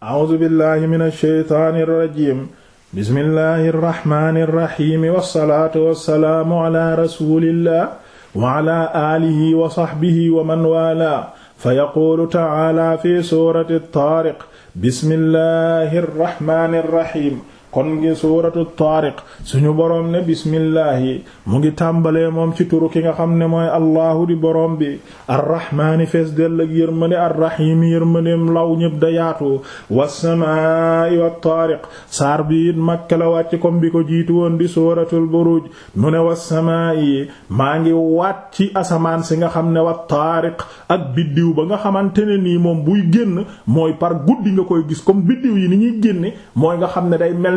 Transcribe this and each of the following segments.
a'uuzu billahi mina shaytaani rajiim bismillahi rahmaani rahiim wassalaatu wassalaamu ala rasuulillah wa ala aalihi wa sahbihi wa man waalaa fa yaquulu ta'aala fi suurati at-Taariq bismillahi rahmaani rahiim kon ngi suuratu taariq suñu boroom ne bismillahi mu ngi tàmbalee moom ci turu ki nga xam ne mooy allahu di boroom bi arrahmaani fees dell ak yërmande arrahimi yërmandeem law ñëpp da yaatu wassamaai wa taariq saar bi it makka la comme bi ko jiitu woon di suuratul buruj mu ne wassamaai maa ngi waat ci asamaan si nga xam ne wa taariq ak biddiw ba nga xamante ne nii moom buy génn mooy par guddi nga koy gis comme biddiw yi ni ñuy génne mooy nga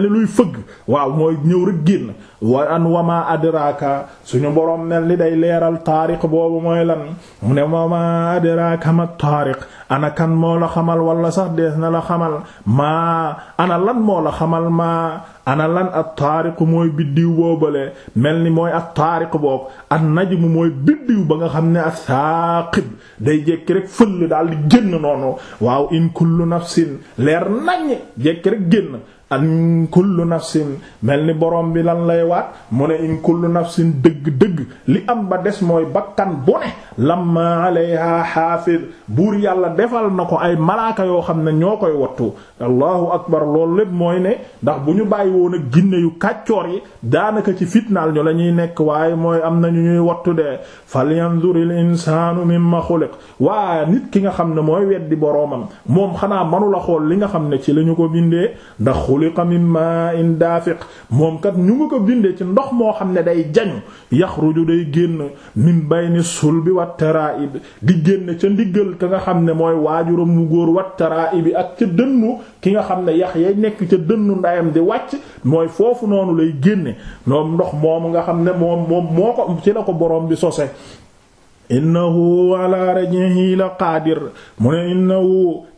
ni luy fëgg waaw mooy ñëw rek génn waa an wama adraka suñu borom mel ni day leeral taariq boobu mooy lan mu ne wama adraka ma taariq ana kan moo la xamal walla sax dees na la xamal maa ana lan moo la xamal maa ana lan at taariq mooy biddiw boobale mel ni mooy at taariq boobu at najmu mooy biddiw ba nga xam ne ak saaqib day jekki rek fëll daal di génn noonu waaw in kullu nafsin leer naññ jekki rek génn an kullu nafsin mel ni boroom bi lan lay waat mu ne in kullu nafsin dëgg-dëgg li am ba des mooy bakkan bu ne lamma alayha buur yàlla defal na ko ay malaaka yoo xam ne ñoo koy wattu allahu akbar loolu lépp mooy ne ndax bu ñu bàyyi woon ak ginne yu kàccoor yi daanaka ci fitnaal ñu lañuy nekk waaye mooy am na ñu ñuy wattu de falyanzuril insaanu mimma xuliq waa nit ki nga xam ne mooy weddi boromam moom xanaa mënu la xool li nga xam ne ci lañu ko bindee xuliqa min ma'in daafiq moom kat ñu nga ko bindee ci ndox moo xam ne day jañu yaxruju day génn min bayni bi wat tara'ib di génn ca ndiggal ka nga xam ne mooy waajuram mu góor wat tara'ib ak ca dënnu ki nga xam ne yax yay nekk ca dënnu ndayam di wàcc mooy foofu noonu lay génne moom ndox moomu nga xam ne moom moo ko ci la ko borom bi sose innahu ala raj'ihi la qaadir mu ne innahu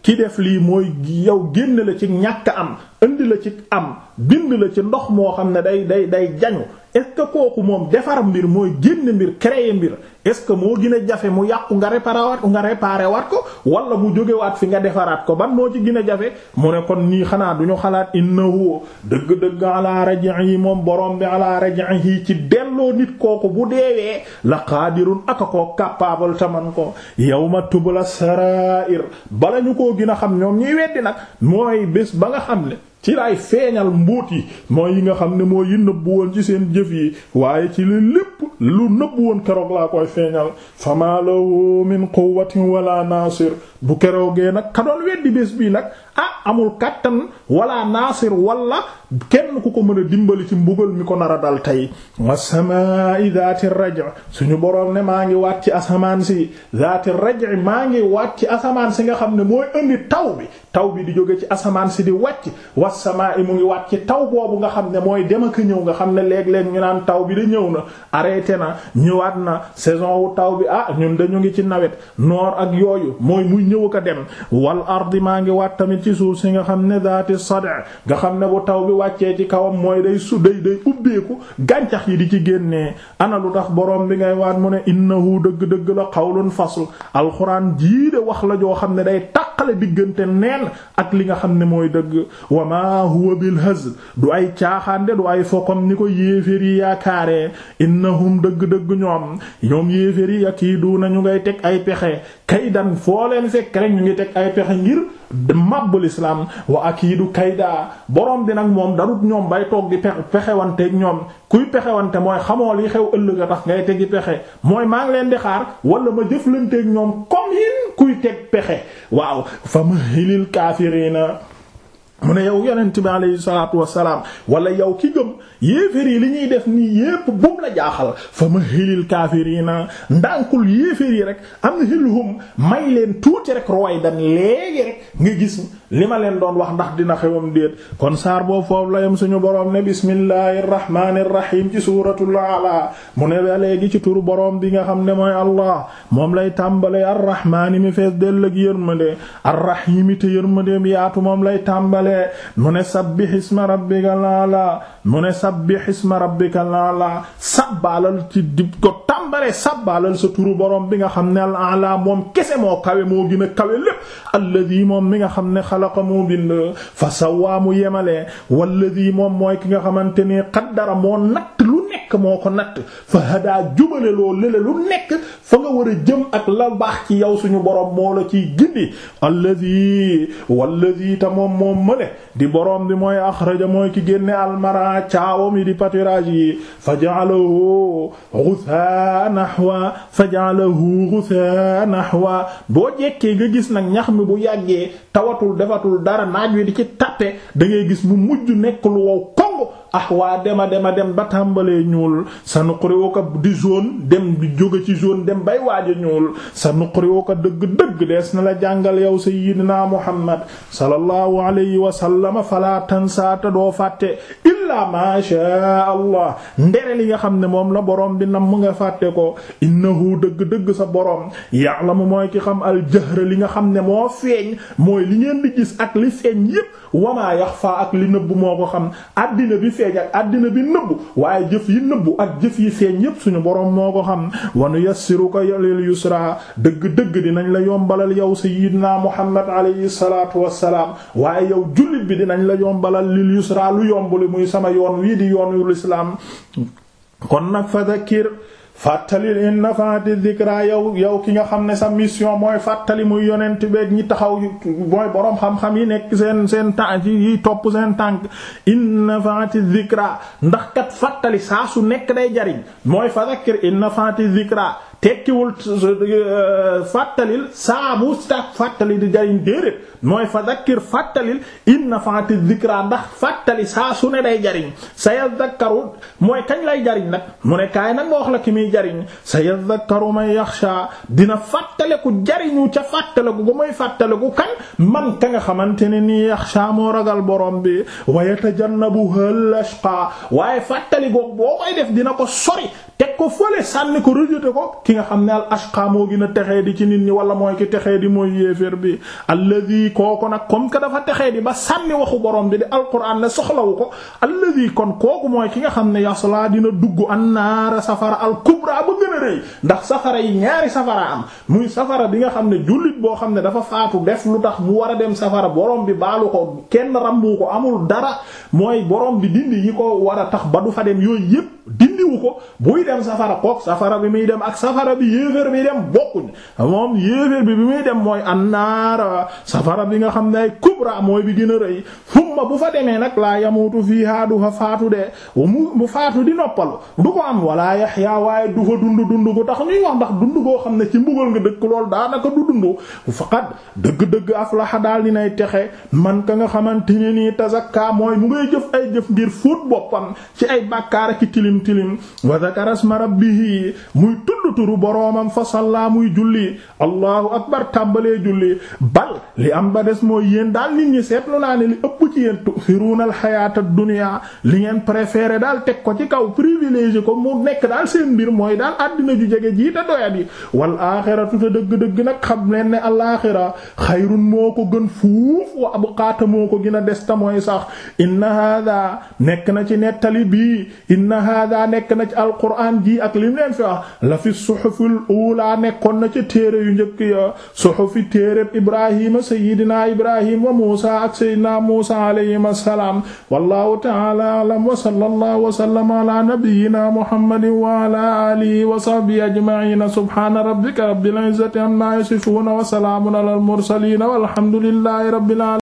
ki def lii mooy yow génn la ci ñàkk am indi la ci am bind la ci ndox moo xam ne day day day jañu est-ce que kooku moom defar mbir mooy génn mbir créer mbir est-ce que moo gën a jafe mu yàqu nga réparé waat ko nga réparé waat ko wala mu jógewaat fi nga defaraat ko ban moo ci gën a jafe mu ne kon nii xanaa du ñu xalaat innahu dëgg-dëgg ala yi moom borom bi ala raji'i ci delloo nit kooku bu deewee la qadirun aka koo capable taman ko yawma tubla sarair bala ñu koo gën a xam ñoom ñuy weddi nag mooy bés ba nga xam ne ci laay feeñal mbuut yi mooy yi nga xam ne moo yi nëbbu woon ci seen jëf yi waaye ci li lépp lu nëbbu woon keroog laa koy feeñal fama lahu ko quwwatin walla nasir bu keroogee nag ka doon weddi bés bii nag ah amul kàttan wala nasir wala kenn ku ko mën a dimbali ci mbugal mi ko nar a dal tey wasamai dati raje suñu boroom ne maa ngi waat ci asamaan si dati raje maa ngi waat ci asamaan si nga xam ne mooy indi taw bi taw bi di jóge ci asamaan si di wàcc wasamaa i mu ngi waat ci taw boobu nga xam ne mooy dem ak ñëw nga xam ne léeg-léeg ñu naan taw bi da ñëw na arrêté na ñëwaat na saison wu taw bi ah ñun dañu ngi ci nawet noor ak yooyu mooy muy ñëw ak a dem wal ardi maa ngi waat tamit ci suuf si nga xam ne dati sad nga xam ne bu taw bi wàccee ci kawam mooy day su day day ubbeeku gàncax yi di ci génnee ana lu tax borom bi ngay waat mu ne innahu dëgg-dëgg la qawlun fasl alxuraan jii de wax la joo xam ne day taqale diggante neen ak li nga xam ne mooy dëgg wa ma huwa bil hazl du ay caaxaan de du ay fokom ni ko yéeféer yi yaakaare innahum dëgg-dëgg ñoom ñoom yéeféer yi ak yi du nañu ngay teg ay pexe kaydan foo leen fekk rek ñu ngi teg ay pexe ngir mabb lislaam wa ak akiidu kayda borom bi nag moom darut ñoom bay toog di pexewanteeg ñoom kuy pexewante mooy xamoo li xew ëllëg a tax ngay tegi pexe mooy maa ngi leen di xaar wala ma jëflanteeg ñoom comme yin kuy teg pexe waaw fa mahilil kaafiriina mu ne yow yonent bi alayhi salaatu wassalaam wala yow ki gëm yéeféer yi li ñuy def nii yépp bum la jaaxal fa ma xilil kaafiriina ndànkul yéeféer yi rek am na xilhum may leen tuuti rek roy dan léegi rek nga gis li ma leen doon wax ndax dina xewam déet kon saar boobu foofu la yem suñu boroom ne bismillahi irrahmani irrahim ci suuratul ala mu ne léegi ci turu boroom bi nga xam ne mooy allah moom lay tàmbale arrahmaani mi fees dell ak yërmande arrahimi te moom lay tàmbale jeexalee mu ne sabbih isma rabbikal ala mu ne sabbih isma rabbikal ala sabbaalal ci dib ko tàmbalee sabbaalal sa turu borom bi nga xam ne al ala moom kese moo kawe moo gën kawe lépp alladi moom mi nga xam ne xalaqa moo bind fa sawaa mu yemalee walladi moom mooy ki nga xamante ni qaddara moo natt moo ko natt fa hadaa jubale loo lële lu nekk fa nga war a jëm ak la baax ci yow suñu borom moo la ciy gindi alladi walladi ta moom moom di borom bi mooy axraja mooy ki génne almara caawam yi di pâturage yi fa ja'alahu ghutha nahwa fa ja'alahu ghutha nahwa boo jekkee nga gis nag ñax mi bu yàggee tawatul defatul dara naaj wi di ci tàppe da ngay gis mu mujj nekk lu wow kongo ah waa dema dema dem ba tàmbalee ñuul sa ko di zone dem di jóge ci zone dem bay waaj a ñuul sa nuqri'uka dëgg-dëgg dees na la jàngal yow sayyidina Muhammad sallallahu alayhi wa sallam fala tansa ta doo fàtte illaa ma sha Allah ndere li nga xam ne moom la borom bi nam mu nga fàtte ko innahu dëgg-dëgg sa boroom ya'lamu mooy ki xam al li nga xam ne moo feeñ mooy li ngeen di gis ak li feeñ yépp wa ma yaxfa ak li nëbb moo ko xam àddina bi feeñ feeñ ak àddina bi nëbbu waaye jëf yi nëbbu ak jëf yi feeñ yépp suñu boroom moo ko xam wanu yassiruka lil yusra dëgg-dëgg dinañ la yombalal yow sayyidina Muhammad alayhi salaatu wassalaam waaye yow jullit bi dinañ la yombalal lil yusra lu yombuli muy sama yoon wii di yoonu lislaam kon nag fa dhakkir fàttalil in nafaati dhikra yow yow ki nga xam ne sa mission mooy fàttali muy yonent beeg ñi taxaw mooy boroom xam-xam yi nekk seen seen tànk yi topp seen tànk in nafaati dhikra ndax kat fàttali saa su nekk day jariñ mooy fa dhakkir in nafaati dhikra tekkiwul euh, fàttalil saa bu stak fàttali di jariñ déedéet mooy fa zakkir fàttalil in nafa'ati dhikra ndax fàttali saa su ne day jariñ sayadhakkaru mooy kañ lay jariñ nag mu ne kaay nag moo wax la ki muy jariñ sa sayadhakkaru man yakhsha dina fàttaleku jariñu ca fàttaleku ba mooy fàttaleku kan man ka nga xamante ne nii yakhsha moo ragal borom bi wa yatajannabuha al-ashqa waaye fàttali goog boo dina ko sori teg ko fole sànni ko rejeté ko ki nga xam ne al ashqa moo gën a texee di ci nit ñi wala mooy ki texee di mooy yéeféer bi alladi kooku nag comme que dafa texee di ba sànni waxu borom bi di alquran ne soxlawu ko alladi kon kooku mooy ki nga xam ne yasla dina dugg annaara safara al kubra ba gën a rëy ndax safara yi ñaari safara am muy safara bi nga xam ne jullit boo xam ne dafa faatu def lu tax mu war a dem safara borom bi baalu ko kenn rambu ko amul dara mooy borom bi dindi yi ko war a tax ba du fa dem yooyu yépp wu ko buy dem safara ko safara bi muy dem ak safara bi yéeféer bi dem bokkuñ moom yéeféer bi bi muy dem mooy annaara safara bi nga xam ne ay mooy bi gën rëy summa bu fa demee nag laa yamutu fiihaa du fa faatu de mu faatu di noppalu du ko am wala yaxyaa waaye du fa dund dund ko tax ñuy wax ndax dund goo xam ne ci mbugal nga dëkk lool daanaka du dund faqat dëgg-dëgg aflaha daal dinay texe man ka nga xamante ni nii tazakka mooy mu ngay jëf ay jëf ngir fóot boppam ci ay bàkkaara ki tilim tilim wa zakarasma rabbihi muy tudd turu boroomam fa salla muy julli allahu akbar tàmbalee julli bal li am ba des mooy yéen tu'thiruna al-hayata ad-dunya li ngeen préféré daal teg ci kaw privilégié ko mu nekk daal seen mbir mooy daal àddina ju jege ji te doyadi wal axiratu te dëgg-dëgg nag xam leen ne al-axira xayrun moo ko gën fuuf wa abqaata moo ko gën a des ta mooy sax inna hada nekk na ci nettali bii inna hada nekk na ci alquran ji ak lim leen fi a la fi suhufil ula nekkoon na ci téere yu njëkk ya suhufi téere Ibrahima sayyidina Ibrahim wa Musa ak sayyidina Musa alayhim assalaam wallahu ta'ala a'lam wa sallallahu wa sallama ala nabiyyina muhammadin wa ala alihi wa sahbihi ajma'in subhana rabbika rabbil izzati amma yasifun wa salamun alal mursalin walhamdulillahi rabbil alamin